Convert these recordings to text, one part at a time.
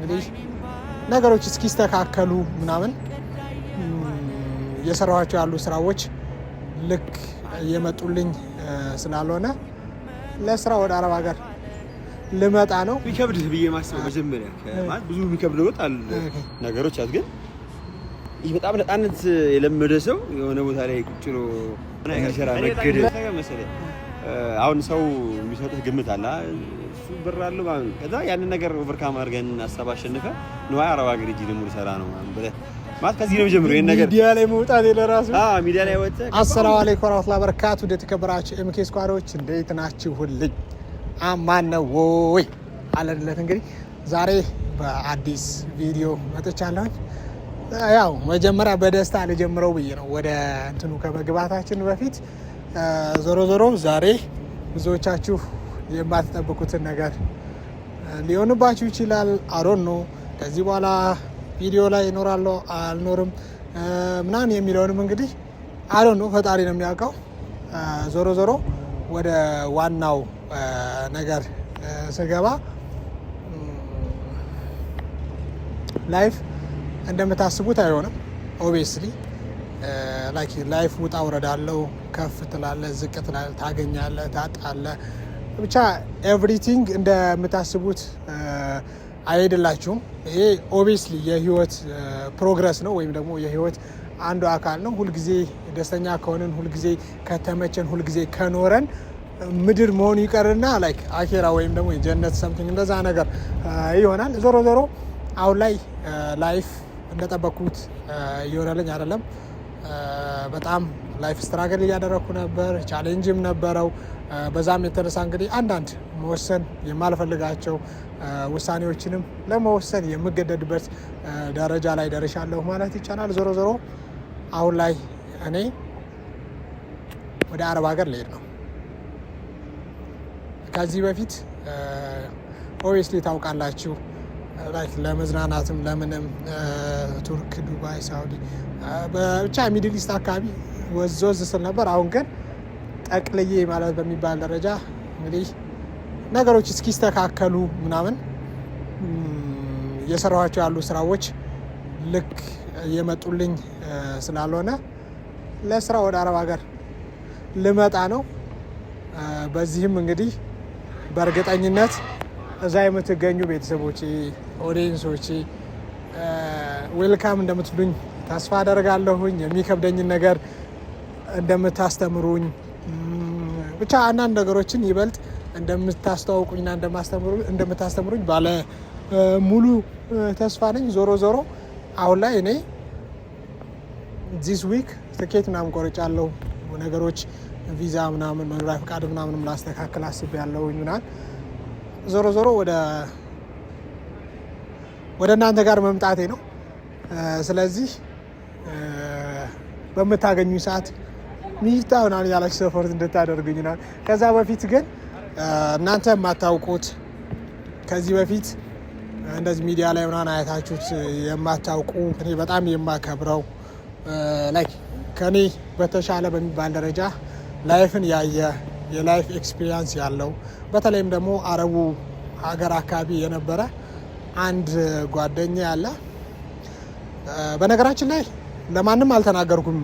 እንግዲህ ነገሮች እስኪስተካከሉ ምናምን የሰራኋቸው ያሉ ስራዎች ልክ እየመጡልኝ ስላልሆነ ለስራ ወደ አረብ ሀገር ልመጣ ነው። የሚከብድህ ብዬ ማሰብ መጀመሪያ ብዙ የሚከብድ ወጥ ነገሮች አት ግን ይህ በጣም ነፃነት የለመደ ሰው የሆነ ቦታ ላይ ቁጭ ብሎ ይሰራ መገደ መሰለኝ አሁን ሰው የሚሰጥህ ግምት አለ እሱ ብር አለው ማለት ከዛ ያንን ነገር ኦቨርካም አድርገን ሀሳብ አሸንፈ ንዋ አረብ ሀገር ሂጅ ደግሞ ልሰራ ነው ብለህ ማለት ከዚህ ነው ጀምሮ ይሄን ነገር ሚዲያ ላይ መውጣት ለራሱ አዎ ሚዲያ ላይ ወጣ። አሰላሙ አለይኩም ወራህመቱላሂ ወበረካቱ። ወደ ተከበራችሁ ኤምኬ ስኳሮች እንዴት ናችሁልኝ? አማን ነው ወይ አለንለት። እንግዲህ ዛሬ በአዲስ ቪዲዮ መጥቻለሁኝ። ያው መጀመሪያ በደስታ ልጀምረው ብዬ ነው ወደ እንትኑ ከመግባታችን በፊት ዞሮ ዞሮ ዛሬ ብዙዎቻችሁ የማትጠብቁትን ነገር ሊሆንባችሁ ይችላል። አሮን ነው ከዚህ በኋላ ቪዲዮ ላይ ይኖራለሁ አልኖርም ምናምን የሚለውንም እንግዲህ አሮን ነው ፈጣሪ ነው የሚያውቀው። ዞሮ ዞሮ ወደ ዋናው ነገር ስገባ ላይፍ እንደምታስቡት አይሆንም ኦቤስሊ። ላይፍ ውጣ ውረዳለው። ከፍ ትላለ፣ ዝቅ ትላለ፣ ታገኛለ፣ ታጣለ። ብቻ ኤቭሪቲንግ እንደምታስቡት አይሄድላችሁም። ይሄ ኦብቪየስሊ የህይወት ፕሮግረስ ነው ወይም ደግሞ የህይወት አንዱ አካል ነው። ሁልጊዜ ደስተኛ ከሆንን፣ ሁልጊዜ ከተመቸን፣ ሁልጊዜ ከኖረን ምድር መሆኑ ይቀርና ላይክ አኬራ ወይም ደግሞ የጀነት ሰምቲንግ እንደዛ ነገር ይሆናል። ዞሮ ዞሮ አሁን ላይ ላይፍ እንደጠበኩት እየሆነልኝ አይደለም። በጣም ላይፍ ስትራገል እያደረግኩ ነበር። ቻሌንጅም ነበረው። በዛም የተነሳ እንግዲህ አንዳንድ መወሰን የማልፈልጋቸው ውሳኔዎችንም ለመወሰን የምገደድበት ደረጃ ላይ ደርሻለሁ ማለት ይቻላል። ዞሮ ዞሮ አሁን ላይ እኔ ወደ አረብ ሀገር ልሄድ ነው። ከዚህ በፊት ኦብቪየስሊ ታውቃላችሁ ላይክ ለመዝናናትም ለምንም ቱርክ፣ ዱባይ፣ ሳውዲ ብቻ ሚድል ኢስት አካባቢ ወዝ ወዝ ስል ነበር። አሁን ግን ጠቅልዬ ማለት በሚባል ደረጃ እንግዲህ ነገሮች እስኪስተካከሉ ምናምን እየሰራኋቸው ያሉ ስራዎች ልክ እየመጡልኝ ስላልሆነ ለስራ ወደ አረብ ሀገር ልመጣ ነው። በዚህም እንግዲህ በእርግጠኝነት እዛ የምትገኙ ቤተሰቦች ኦዲየንሶቼ ዌልካም እንደምትሉኝ ተስፋ አደርጋለሁኝ። የሚከብደኝን ነገር እንደምታስተምሩኝ ብቻ አንዳንድ ነገሮችን ይበልጥ እንደምታስተዋውቁኝና እንደምታስተምሩኝ ባለ ሙሉ ተስፋ ነኝ። ዞሮ ዞሮ አሁን ላይ እኔ ዚስ ዊክ ትኬት ምናምን ቆርጫለሁ። ነገሮች ቪዛ ምናምን መኖሪያ ፈቃድ ምናምንም ላስተካክል አስቤያለሁኝ ምናምን ዞሮ ዞሮ ወደ ወደ እናንተ ጋር መምጣቴ ነው። ስለዚህ በምታገኙ ሰዓት ሚፍታ ሆናል ያላችሁ ሰፖርት እንድታደርጉኝናል። ከዛ በፊት ግን እናንተ የማታውቁት ከዚህ በፊት እንደዚህ ሚዲያ ላይ ምናምን አያታችሁት የማታውቁ እኔ በጣም የማከብረው ላይ ከኔ በተሻለ በሚባል ደረጃ ላይፍን ያየ የላይፍ ኤክስፒሪየንስ ያለው በተለይም ደግሞ አረቡ ሀገር አካባቢ የነበረ አንድ ጓደኛ ያለ በነገራችን ላይ ለማንም አልተናገርኩም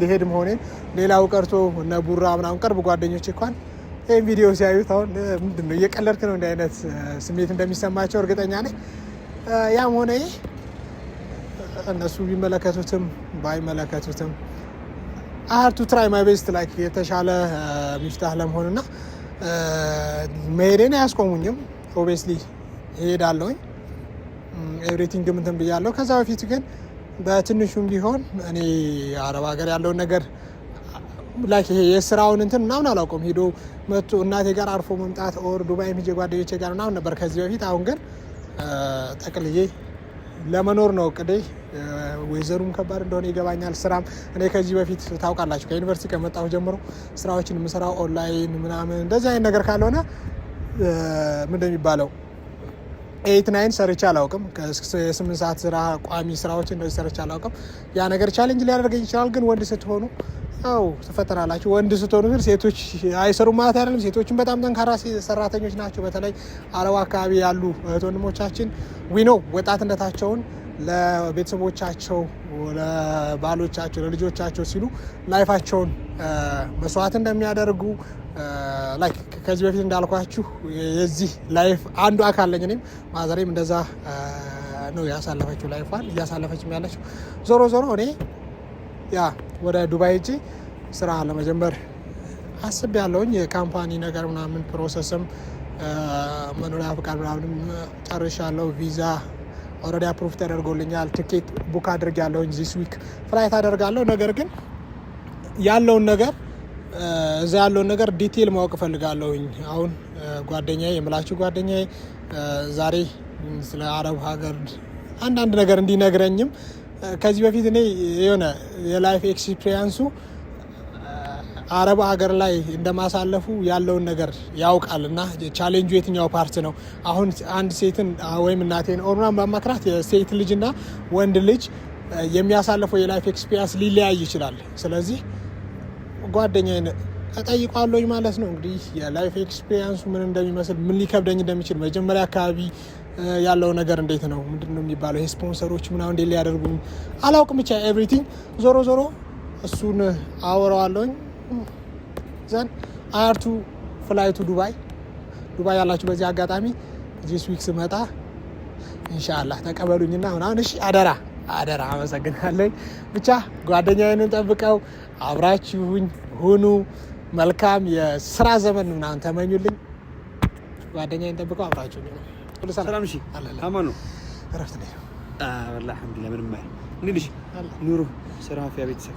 ሊሄድ መሆኔን። ሌላው ቀርቶ እነ ቡራ ምናምን ቅርብ ጓደኞች እንኳን ይህም ቪዲዮ ሲያዩት አሁን ምንድን ነው እየቀለድክ ነው እንዲህ አይነት ስሜት እንደሚሰማቸው እርግጠኛ ነኝ። ያም ሆነ ይህ እነሱ ቢመለከቱትም ባይመለከቱትም አሀር ቱ ትራይ ማይ ቤስት ላይክ የተሻለ ሚፍታህ ለመሆንና መሄዴን አያስቆሙኝም ኦብቪየስሊ እሄዳለሁኝ። ኤቭሪቲንግ እንትን ብያለሁ። ከዛ በፊት ግን በትንሹም ቢሆን እኔ አረብ ሀገር ያለውን ነገር ላይክ ይሄ የስራውን እንትን ምናምን አላውቀውም። ሄዶ መቶ እናቴ ጋር አርፎ መምጣት ኦር ዱባይ ሄጄ ጓደኞቼ ጋር ምናምን ነበር ከዚህ በፊት። አሁን ግን ጠቅልዬ ለመኖር ነው ቅዴ ወይዘሩም ከባድ እንደሆነ ይገባኛል። ስራም እኔ ከዚህ በፊት ታውቃላችሁ ከዩኒቨርሲቲ ከመጣሁ ጀምሮ ስራዎችን የምሰራው ኦንላይን ምናምን እንደዚህ አይነት ነገር ካልሆነ ምንድን የሚባለው ኤይት ናይን ሰርቼ አላውቅም። የስምንት ሰዓት ስራ ቋሚ ስራዎች እንደዚህ ሰርቼ አላውቅም። ያ ነገር ቻሌንጅ ሊያደርገኝ ይችላል፣ ግን ወንድ ስትሆኑ ው ትፈተናላችሁ። ወንድ ስትሆኑ ግን ሴቶች አይሰሩም ማለት አይደለም። ሴቶችን በጣም ጠንካራ ሰራተኞች ናቸው። በተለይ አረብ አካባቢ ያሉ እህት ወንድሞቻችን ዊኖ ወጣትነታቸውን ለቤተሰቦቻቸው ለባሎቻቸው ለልጆቻቸው ሲሉ ላይፋቸውን መስዋዕት እንደሚያደርጉ ላይክ ከዚህ በፊት እንዳልኳችሁ የዚህ ላይፍ አንዱ አካል ነኝ። እኔም ማዘሬም እንደዛ ነው ያሳለፈችው ላይፏን እያሳለፈችም ያለችው። ዞሮ ዞሮ እኔ ያ ወደ ዱባይ እጂ ስራ ለመጀመር አስብ ያለውኝ የካምፓኒ ነገር ምናምን ፕሮሰስም መኖሪያ ፍቃድ ምናምንም ጨርሻለው ቪዛ ኦልሬዲ አፕሩቭ ተደርጎልኛል። ትኬት ቡክ ያለውኝ ዚስ ዊክ ፍላይት አደርጋለሁ። ነገር ግን ያለውን ነገር እዛ ያለውን ነገር ዲቴል ማወቅ እፈልጋለሁኝ። አሁን ጓደኛዬ የምላችሁ ጓደኛዬ ዛሬ ስለ አረብ ሀገር አንዳንድ ነገር እንዲነግረኝም ከዚህ በፊት እኔ የሆነ የላይፍ ኤክስፒሪያንሱ አረብ ሀገር ላይ እንደማሳለፉ ያለውን ነገር ያውቃል እና ቻሌንጁ የትኛው ፓርት ነው? አሁን አንድ ሴትን ወይም እናቴን ኦርናን በማክራት ልጅ ልጅና ወንድ ልጅ የሚያሳልፈው የላይፍ ኤክስፒሪንስ ሊለያይ ይችላል። ስለዚህ ጓደኛዬን እጠይቃለሁኝ ማለት ነው እንግዲህ የላይፍ ኤክስፒሪንሱ ምን እንደሚመስል ምን ሊከብደኝ እንደሚችል መጀመሪያ አካባቢ ያለው ነገር እንዴት ነው ምንድን ነው የሚባለው ይሄ ስፖንሰሮች ምናምን እንዴት ሊያደርጉኝ አላውቅም። ብቻ ኤቭሪቲንግ ዞሮ ዞሮ እሱን አወራዋለሁኝ። ዘን አያርቱ ፍላይቱ ዱባይ ዱባይ ያላችሁ በዚህ አጋጣሚ ጂስ ዊክ ስመጣ ኢንሻአላህ ተቀበሉኝና ምናምን እሺ፣ አደራ አደራ። አመሰግናለኝ። ብቻ ጓደኛዬንን ጠብቀው አብራችሁኝ ሁኑ። መልካም የስራ ዘመን ምናምን ተመኙልኝ። ጓደኛዬን ጠብቀው አብራችሁኝ ሁሉ ሰላም እሺ፣ አማኑ ረፍት ነው። አላ አልሐምዱሊላህ። ምንም ኑሮ ስራ ፊያ ቤተሰብ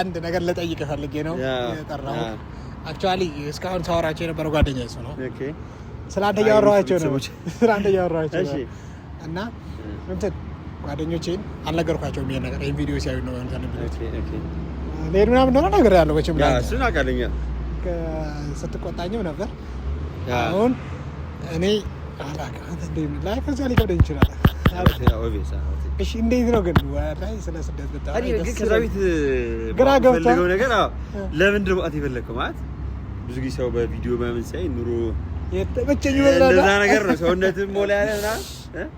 አንድ ነገር ልጠይቅ ፈልጌ ነው የጠራሁት። አክቹዋሊ እስካሁን ሳወራቸው የነበረው ጓደኛ እሱ ነው። ስለ አንተ እያወራኋቸው ነው። ስለ አንተ እያወራኋቸው ነው እና እንትን ጓደኞቼን አልነገርኳቸውም ይሄን ነገር። ይሄን ቪዲዮ ሲያዩ ነው እንትን ልሄድ ምናምን እንደሆነ ነገር ያለው መቼም እሱን አውቃለሁ። ስትቆጣኝም ነበር። አሁን እኔ አላውቅም። አንተ እንደ ላይፍ እዚያ ሊከብደኝ ይችላል እሺ፣ እንዴት ነው ግን? ስለ ስደት ግራ ገብቷል ነገር። ለምንድን ነው የፈለግከው? ማለት ብዙ ጊዜ ሰው በቪዲዮ ምናምን ሳይ ኑሮ እንደዛ ነገር ነው። ሰውነትም ሞላ ያለ ምናምን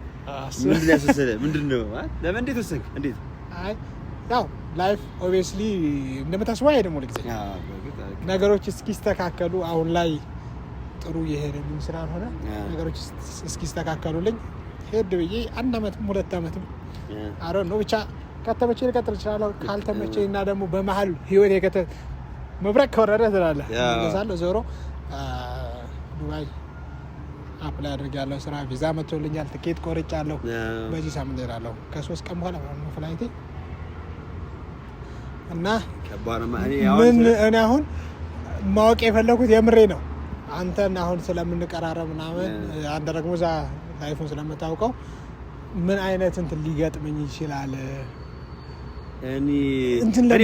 ምንድን ያስወሰደህ? ምንድን ነው ለምን? እንዴት ወሰንክ? እንዴት? ያው ላይፍ ኦብቪየስሊ እንደምታስበው አይደለም። ሁል ጊዜ ነገሮች እስኪስተካከሉ አሁን ላይ ጥሩ የሄደኝም ስላልሆነ ነገሮች እስኪስተካከሉልኝ ሄድ ብዬ አንድ አመትም ሁለት አመትም አረ ነው ብቻ ከተመቼ ልቀጥል እችላለሁ። ካልተመቼ እና ደግሞ በመሀል ህይወት የከተ መብረቅ ከወረደ ትላለህ ሳለ ዞሮ ዱባይ አፕላይ አድርጌያለሁ። ስራ ቪዛ መቶልኛል። ትኬት ቆርጫለሁ። በዚህ ሳምንት እሄዳለሁ። ከሶስት ቀን በኋላ ነው ፍላይቴ እና ምን እኔ አሁን ማወቅ የፈለጉት የምሬ ነው አንተን አሁን ስለምንቀራረብ ምናምን አንተ ደግሞ እዛ አይፎን ስለምታውቀው ምን አይነት እንትን ሊገጥመኝ ይችላል? እኔ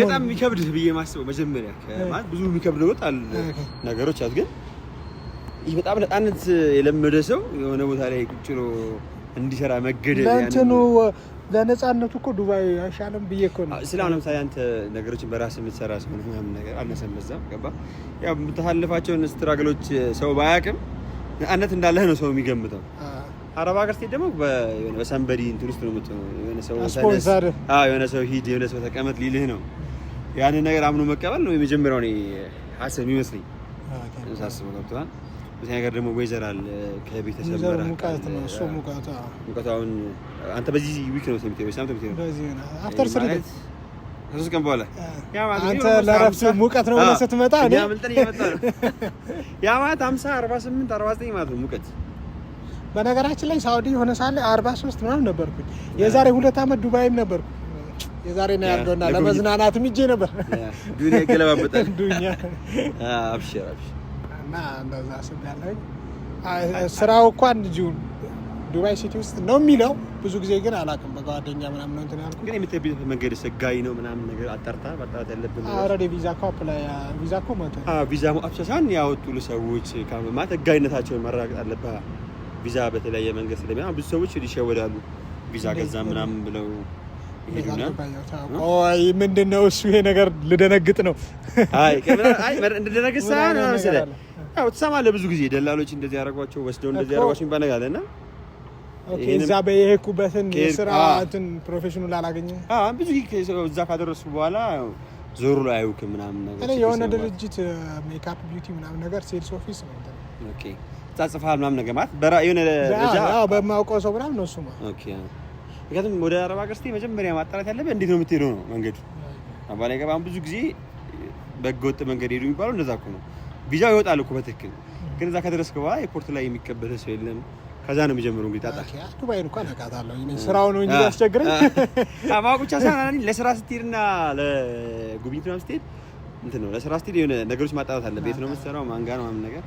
በጣም የሚከብድህ ብዬ ማስበው መጀመሪያ ማለት ብዙ የሚከብድ ወጥ አለ ነገሮች አት ግን ይህ በጣም ነፃነት የለመደ ሰው የሆነ ቦታ ላይ ቁጭ ብሎ እንዲሰራ መገደል ለእንትኑ ለነፃነቱ እኮ ዱባይ አይሻልም ብዬ እኮ ነው። ስለ አሁን ለምሳሌ አንተ ነገሮችን በራስ የምትሰራ ሰው ምናምን ነገር አነሰም በዛም ገባ ያው የምታሳልፋቸውን ስትራግሎች ሰው ባያውቅም ነፃነት እንዳለህ ነው ሰው የሚገምተው። አረብ ሀገር ስትሄድ ደግሞ በሰንበዲ እንትን ውስጥ ነው የምትሆነው። የሆነ ሰው ስፖንሰር፣ አዎ የሆነ ሰው ሂድ፣ የሆነ ሰው ተቀመጥ ሊልህ ነው። ያንን ነገር አምኖ መቀበል ነው የመጀመሪያው እኔ ሀሳብ የሚመስለኝ ሳስበው። ገብቶሃል? ሁለተኛ ነገር ደግሞ ወይዘር አለ ከቤተሰብ ጋር ሙቀት አንተ በዚህ ዊክ ነው የምትሄደው? ሳምንት የምትሄደው አፍተር ስሪ ዴይዝ ከሶስት ቀን በኋላ አንተ ለእረፍት ሙቀት ነው ስትመጣ ያ ማለት ሀምሳ አርባ ስምንት አርባ ዘጠኝ ማለት ነው ሙቀት በነገራችን ላይ ሳውዲ የሆነ ሳለ አርባ ሶስት ምናምን ነበርኩኝ። የዛሬ ሁለት ዓመት ዱባይም ነበርኩ። የዛሬ ነው ያልገውና ለመዝናናት ምጄ ነበር። ዱኒያ ይገለባበጣል። ዱኒያ አብሽር አብሽር። እና እንደዛ ስላለኝ ስራው እንኳን እንዲሁ ዱባይ ሲቲ ውስጥ ነው የሚለው ብዙ ጊዜ ግን አላውቅም። በጓደኛ ምናምን ነው እንትን ያልኩት ግን የምትሄድበት መንገድ ሰጋይ ነው ምናምን ነገር አጣርታ ማጣራት ያለብን ኦልሬዲ ቪዛ እኮ አፕላይ ቪዛ እኮ ሞተ ቪዛ ሞ አብሳሳን ያወጡ ለሰዎች ማለት ህጋዊነታቸውን መረጋገጥ አለብህ ቪዛ በተለያየ መንገድ ስለሚያ ብዙ ሰዎች ይሸወዳሉ። ቪዛ ገዛ ምናምን ብለው ይሄዱናል። ምንድን ነው እሱ ይሄ ነገር ልደነግጥ ነው። አይ እንድደነግጥ ሳይሆን መሰለህ ያው ትሰማለህ፣ ብዙ ጊዜ ደላሎች እንደዚህ ያደረጓቸው ወስደው እንደዚህ ያደረጓቸው የሚባል ነገር አለ እና እዛ በየሄድኩበትን የስራ እንትን ፕሮፌሽኑ ላላገኘ ብዙ እዛ ካደረሱ በኋላ ዞሩ ላይ አይውክም ምናምን ነገር የሆነ ድርጅት ሜካፕ ቢዩቲ ምናምን ነገር ሴልስ ኦፊስ ነው ጻጽፋል ምናምን ነገር ማለት በራእዩ በማውቀው ሰው ምናምን ነው እሱማ። ኦኬ ምክንያቱም ወደ አረብ ሀገር ስትሄድ መጀመሪያ ማጣራት ያለብህ እንዴት ነው የምትሄደው ነው መንገዱ። አባላ ገባም ብዙ ጊዜ በህገወጥ መንገድ ሄዱ የሚባለው እንደዛ እኮ ነው። ቪዛው ይወጣል እኮ በትክክል ግን እዛ ከደረስክ በኋላ ኤርፖርት ላይ የሚቀበልህ ሰው የለም። ከዛ ነው የሚጀምረው። እንግዲህ ጣጣ ዱባይን እንኳን አውቃታለሁ ስራው ነው እንጂ ያስቸግረኝ ማወቅ ብቻ ሳይሆን ለስራ ስትሄድና ለጉብኝት ምናምን ስትሄድ እንትን ነው ለስራ ስትሄድ የሆነ ነገሮች ማጣራት አለ ቤት ነው የምትሰራው ማንጋ ነው ምናምን ነገር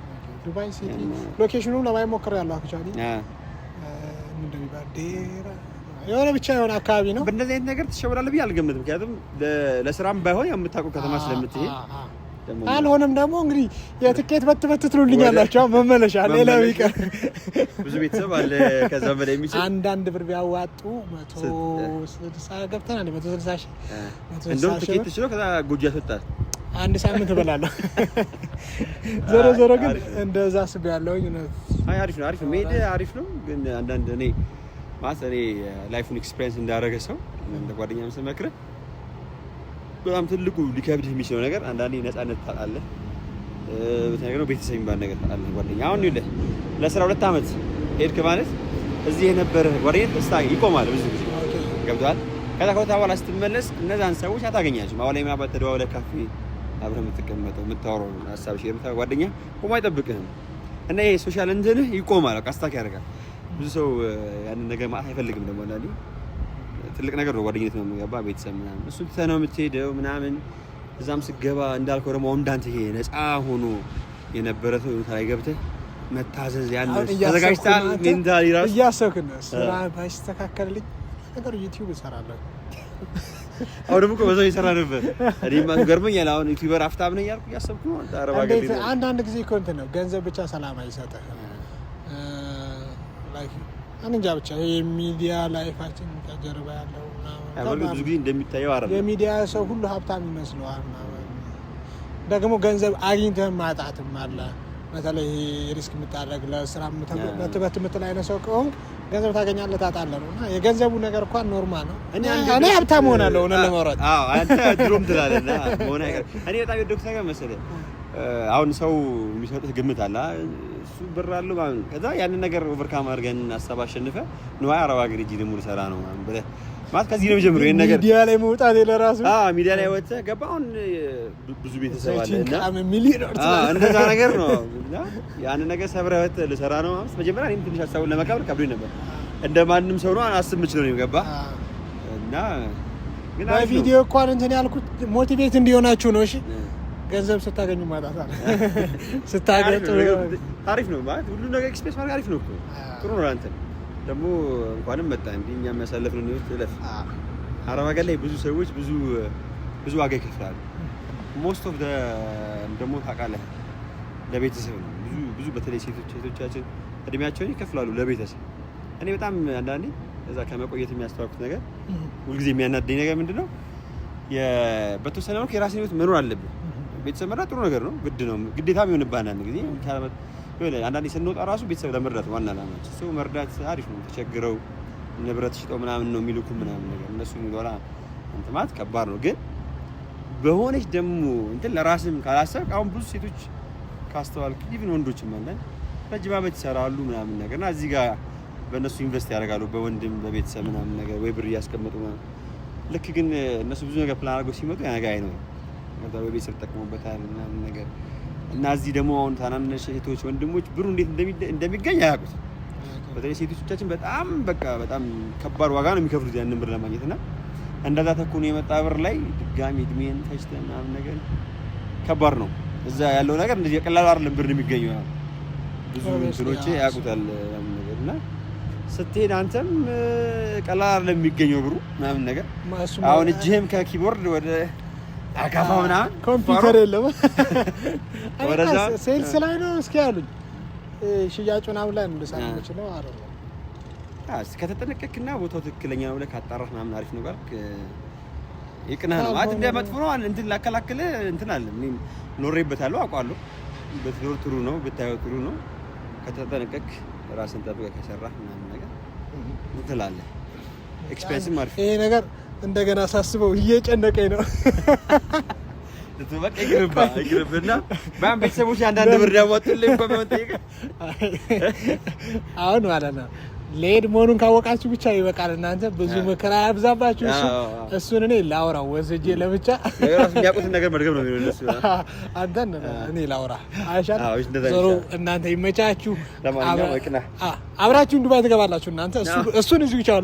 ዱባይ ሲቲ ሎኬሽኑ ለማየት ሞክሬያለሁ። አክቹዋሊ እንደሚባል ዴራ የሆነ ብቻ የሆነ አካባቢ ነው። በእንደዚህ አይነት ነገር ትሸወዳለህ ብዬ አልገምትም። ምክንያቱም ለስራም ባይሆን የምታውቀው ከተማ ስለምትሄድ አልሆነም ደግሞ እንግዲህ የትኬት በትበት ትሉልኛላችሁ። መመለሻ ሌላው ይቀር ብዙ ቤተሰብ አለ። ከዛ በላይ የሚችል አንዳንድ ብር ቢያዋጡ መቶ ስልሳ ገብተናል። መቶ ስልሳ ሺህ እንደውም ትኬት ትችለው ከዛ ጎጆ ያስወጣል አንድ ሳምንት እበላለሁ። ዞሮ ዞሮ ግን እንደዛ ስብ አይ አሪፍ ነው። አሪፍ ነው። መሄድ አሪፍ ነው። ግን አንዳንድ እኔ ማለት እኔ ላይፉን ኤክስፔሪንስ እንዳደረገ ሰው እንደ ጓደኛ ስመክርህ በጣም ትልቁ ሊከብድህ የሚችለው ነገር አንዳንዴ ነፃነት ታጣለህ። በተለይ ደግሞ ቤተሰብ የሚባል ነገር ታጣለህ። ጓደኛ አሁን ይለ ለስራ ሁለት ዓመት ሄድክ ማለት እዚህ የነበረ ጓደኝነት እስታ ይቆማል። ብዙ ጊዜ ገብቷል። ከዛ ከሁለት በኋላ ስትመለስ እነዛን ሰዎች አታገኛቸውም። አሁን ላይ ምናባት ተደዋውለህ ካፌ አብረ የምትቀመጠው የምታወራው ሀሳብ ሼር ምታ ጓደኛ ቆሞ አይጠብቅህም እና ይሄ ሶሻል እንትንህ ይቆማል። አስታክ ያደርጋል። ብዙ ሰው ያንን ነገር ማለት አይፈልግም። ደግሞ አንዳንዴ ትልቅ ነገር ነው ጓደኝነት ነው የሚገባ ቤተሰብ ምናምን እሱ ትተነው የምትሄደው ምናምን እዛም ስገባ እንዳልከው ደግሞ አሁን እንዳንተ ይሄ ነፃ ሆኖ የነበረ ሰው የሆነ ላይ ገብተህ መታዘዝ ያለ ተዘጋጅተሃል። ሜንታሊ ራሱ እያሰብክ ነው ባይስተካከልልኝ ነገሩ ዩቲዩብ እሰራለሁ አሁን ደግሞ በዛው የሰራ ነበር። እኔማ ገርሞኛል። አሁን ዩቲዩበር ሀብታም ነኝ ያልኩ እያሰብኩ ነው። አንዳንድ ጊዜ እኮ እንትን ነው ገንዘብ ብቻ ሰላም አይሰጥህ። እንጃ ብቻ የሚዲያ ላይፋችን ከጀርባ ያለው ብዙ ጊዜ እንደሚታየው አረ የሚዲያ ሰው ሁሉ ሀብታም ይመስለዋል። ደግሞ ገንዘብ አግኝተህ ማጣትም አለ በተለይ ሪስክ የምታደረግ ለስራ በትበት የምትል ነው ሰው ከሆንክ ገንዘብ ታገኛለህ ታጣለህ ነው እና የገንዘቡ ነገር እንኳን ኖርማል ነው። እኔ ሀብታም ሆናለሁ ሆነ ለማውራት አንተ ድሮም ትላለህ። እኔ በጣም የወደድኩት ነገር መሰለህ አሁን ሰው የሚሰጥህ ግምት አለ እሱ ብር አለው ከዛ ያንን ነገር ኦቨርካም አድርገን ሀሳብ አሸንፈህ ነዋ አረብ ሀገር ሂጂ ደግሞ ልሰራ ነው ብለህ ማለት ከዚህ ነው ጀምሮ ይሄን ነገር ሚዲያ ላይ መውጣት ለራሱ አዎ፣ ሚዲያ ላይ ወጥተህ ገባ። አሁን ብዙ ቤተሰብ አለ እና እንደዛ ነገር ነው። ያን ነገር ሰብረህ ወጥተህ ልሰራ ነው ማለት መጀመሪያ እኔም ትንሽ ሀሳቡን ለመቀበል ከብዶኝ ነበር። እንደ እንደማንም ሰው ነው አስብ የምችለው ነው ገባ። እና ግን አይ ቪዲዮ እንኳን እንትን ያልኩት ሞቲቬት እንዲሆናችሁ ነው። እሺ ገንዘብ ስታገኙ ማጣት አለ ስታገኙ አሪፍ ነው ማለት ሁሉ ነገር ኤክስፔሪንስ ማድረግ አሪፍ ነው እኮ ጥሩ ነው አንተ ደግሞ እንኳንም መጣ እንዲህ እኛ የሚያሳለፍ ነው እለፍ። አረብ ሀገር ላይ ብዙ ሰዎች ብዙ ብዙ ዋጋ ይከፍላሉ። ሞስት ኦፍ ደግሞ ታውቃለህ ለቤተሰብ ነው ብዙ ብዙ በተለይ ሴቶች ሴቶቻችን እድሜያቸውን ይከፍላሉ ለቤተሰብ። እኔ በጣም አንዳንዴ እዛ ከመቆየት የሚያስተዋልኩት ነገር ሁልጊዜ የሚያናደኝ ነገር ምንድን ነው፣ በተወሰነ መልኩ የራስን ህይወት መኖር አለብን። ቤተሰብ መራ ጥሩ ነገር ነው፣ ግድ ነው፣ ግዴታም ይሆንብህ አንዳንድ ጊዜ የሆነ አንዳንዴ ስንወጣ ራሱ ቤተሰብ ለመርዳት ዋና ላማች ሰው መርዳት አሪፍ ነው። ተቸግረው ንብረት ሽጠው ምናምን ነው የሚልኩ ምናምን ነገር እነሱ ዶላ እንትማት ከባድ ነው። ግን በሆነች ደግሞ እንትን ለራስም ካላሰብክ አሁን ብዙ ሴቶች ካስተዋልክ ኢቭን ወንዶችም አለን በጅባበት ዓመት ይሰራሉ ምናምን ነገር እና እዚህ ጋር በእነሱ ኢንቨስት ያደርጋሉ በወንድም በቤተሰብ ምናምን ነገር ወይ ብር እያስቀመጡ ልክ ግን እነሱ ብዙ ነገር ፕላን አድርገው ሲመጡ ያ ነገር አይነው ቤተሰብ ይጠቅሙበታል ምናምን ነገር እና እዚህ ደግሞ አሁን ታናነሽ እህቶች ወንድሞች ብሩ እንዴት እንደሚገኝ አያውቁት። በተለይ ሴቶቻችን በጣም በቃ በጣም ከባድ ዋጋ ነው የሚከፍሉት ያንን ብር ለማግኘት እና እንደዛ ተኩኖ የመጣ ብር ላይ ድጋሚ እድሜን ፈጅተ ምናምን ነገር ከባድ ነው። እዛ ያለው ነገር እንደዚህ ቀላል አይደለም ብር የሚገኘው ያው ብዙ እንትኖቼ ያውቁታል ምናምን ነገር እና ስትሄድ አንተም ቀላል አይደለም የሚገኘው ብሩ ምናምን ነገር አሁን እጅህም ከኪቦርድ ወደ አካፋ ምናምን ኮምፒውተር የለም። ሴልስ ላይ ነው እስኪ ያሉኝ ሽያጩን አሁን ላይ ነው ልሳ የምችለው አ ከተጠነቀቅና ቦታው ትክክለኛ ነው ብለህ ካጣራህ ምናምን አሪፍ ነው ጋር ይቅናህ ነው ማለት እንደ መጥፎ ነው እንትን ላከላክል እንትን አለ ኖሬበታለሁ፣ አውቃለሁ። ብትኖር ጥሩ ነው፣ ብታየው ጥሩ ነው። ከተጠነቀቅ ራስን ጠብቀህ ከሰራህ ምናምን ነገር እንትላለ ኤክስፔንስም አሪፍ ይሄ ነገር እንደገና ሳስበው እየጨነቀኝ ነው። በቃ ቤተሰቦች አንዳንድ ብር ያዋጡልኝ በመጠየቅ አሁን ማለት ነው ልሄድ መሆኑን ካወቃችሁ ብቻ ይበቃል። እናንተ ብዙ ምክር አያብዛባችሁ። እሱን እኔ ላውራ ወስጄ ለብቻ የሚያውቁትን ነገር መድገብ ነው። አንተን እኔ ላውራ አይሻል? ዞሮ እናንተ ይመቻችሁ። አብራችሁ ዱባይ ትገባላችሁ እናንተ እሱን እዚሁ ብቻ